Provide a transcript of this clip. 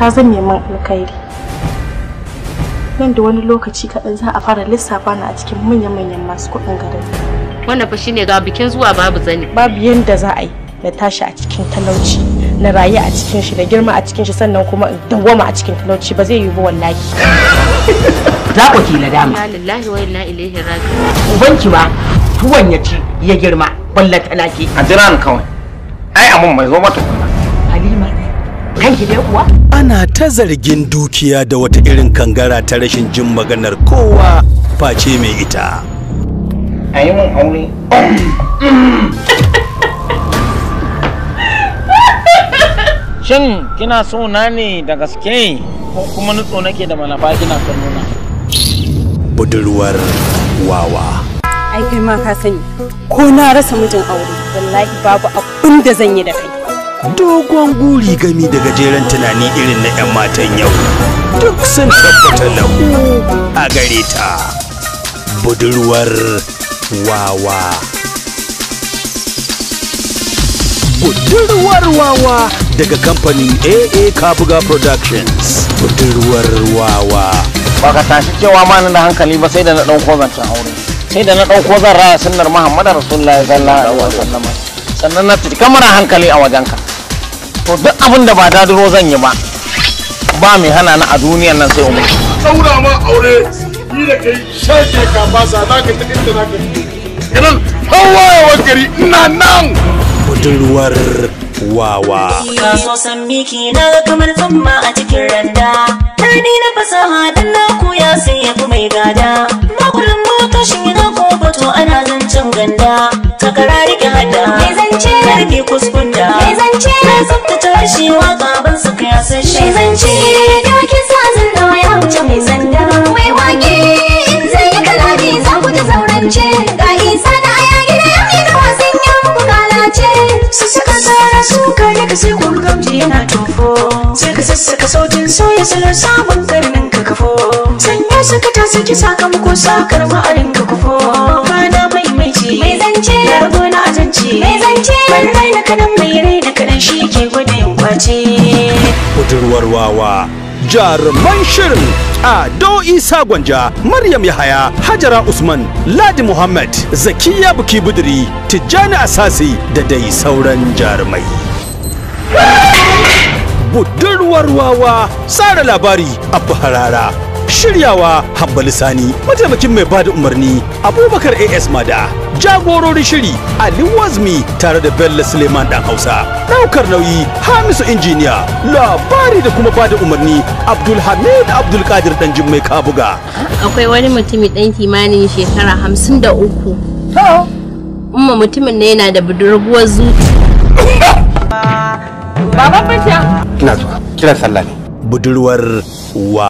ta zan min alkhairi nan da wani lokaci kaɗan za a fara lissafa na a cikin manya-manyan masu kuɗin garin wannan fa shine ga bikin zuwa babu zani babu yanda za a yi na tashi a cikin talauci na rayu a cikin shi na girma a cikin shi sannan kuma in dawwama a cikin talauci ba zai yi ba wallahi za ku kila dama lillahi wa inna ilaihi raji'un ubanki ma tuwon ya ci ya girma ballata ke. a jiran kawai ai amun mai zo mata kuma kanki ne kuwa ana ta zargin dukiya da wata irin kangara ta rashin jin maganar kowa face mai ita a yi mun aure shin kina so na ne da gaske ko kuma nutso nake da malafa kina kan nuna budurwar wawa ai ma ka sani ko na rasa mijin aure wallahi babu abin da zan yi da kai dogon guri gami da gajeren tunani irin na 'yan matan yau duk sun tabbata ku a gare ta budurwar wawa budurwar wawa daga kamfanin aa kabuga productions budurwar wawa ba ka tashi cewa ma da hankali ba sai da na ɗauko zancen aure sai da na ɗauko zan raya sunnar muhammadu rasulullahi sallallahu alaihi wasallam sannan na tafi kamar hankali a wajenka to duk abin da ba dadiro zan yi ba ba mai hana ni a duniyan nan sai umar saura ma aure ni da kai shaƙe ka ba za ka ta da za ka kiran hawa wa gari ina nan budurwar wawa ina so san miki na kamar tsamma a cikin randa ni na fasaha dan na ya sai ya fi mai gada makulin mota shi na ko ana zancen ganda takarari shi waka ya san shi. Zan zance da wakin sa zan dawo ya wuce mai sanda Wai wake in zai yi kalabi za ku ta zaurance ga isa da aya gida ya fi da wasan yan ku kalace su suka tsara su kare ka sai kun gamji yana tofo sai ka sassaka sautin soya salon sabon karnin ka kafo sanya suka ta sakamako sakar ma'arin ka kufo budurwar wawa jaruman shirin ado isa gwanja maryam yahaya hajara usman ladi muhammad zakiya buki buduri tijjani asasi da dai sauran jarumai budurwar wawa tsara labari abu harara shiryawa hambali sani mataimakin mai bada umarni abubakar as mada jagororin shiri ali wazmi tare da bello suleiman dan hausa daukar nauyi hamisu injiniya labari da kuma bada umarni abdulhamid abdulkadir dan mai kabuga akwai wani mutumi dan kimanin shekara hamsin da uku umma mutumin ne yana da budurguwar zuci baban Fasha. zuwa. sallah ne. Budurwar wa.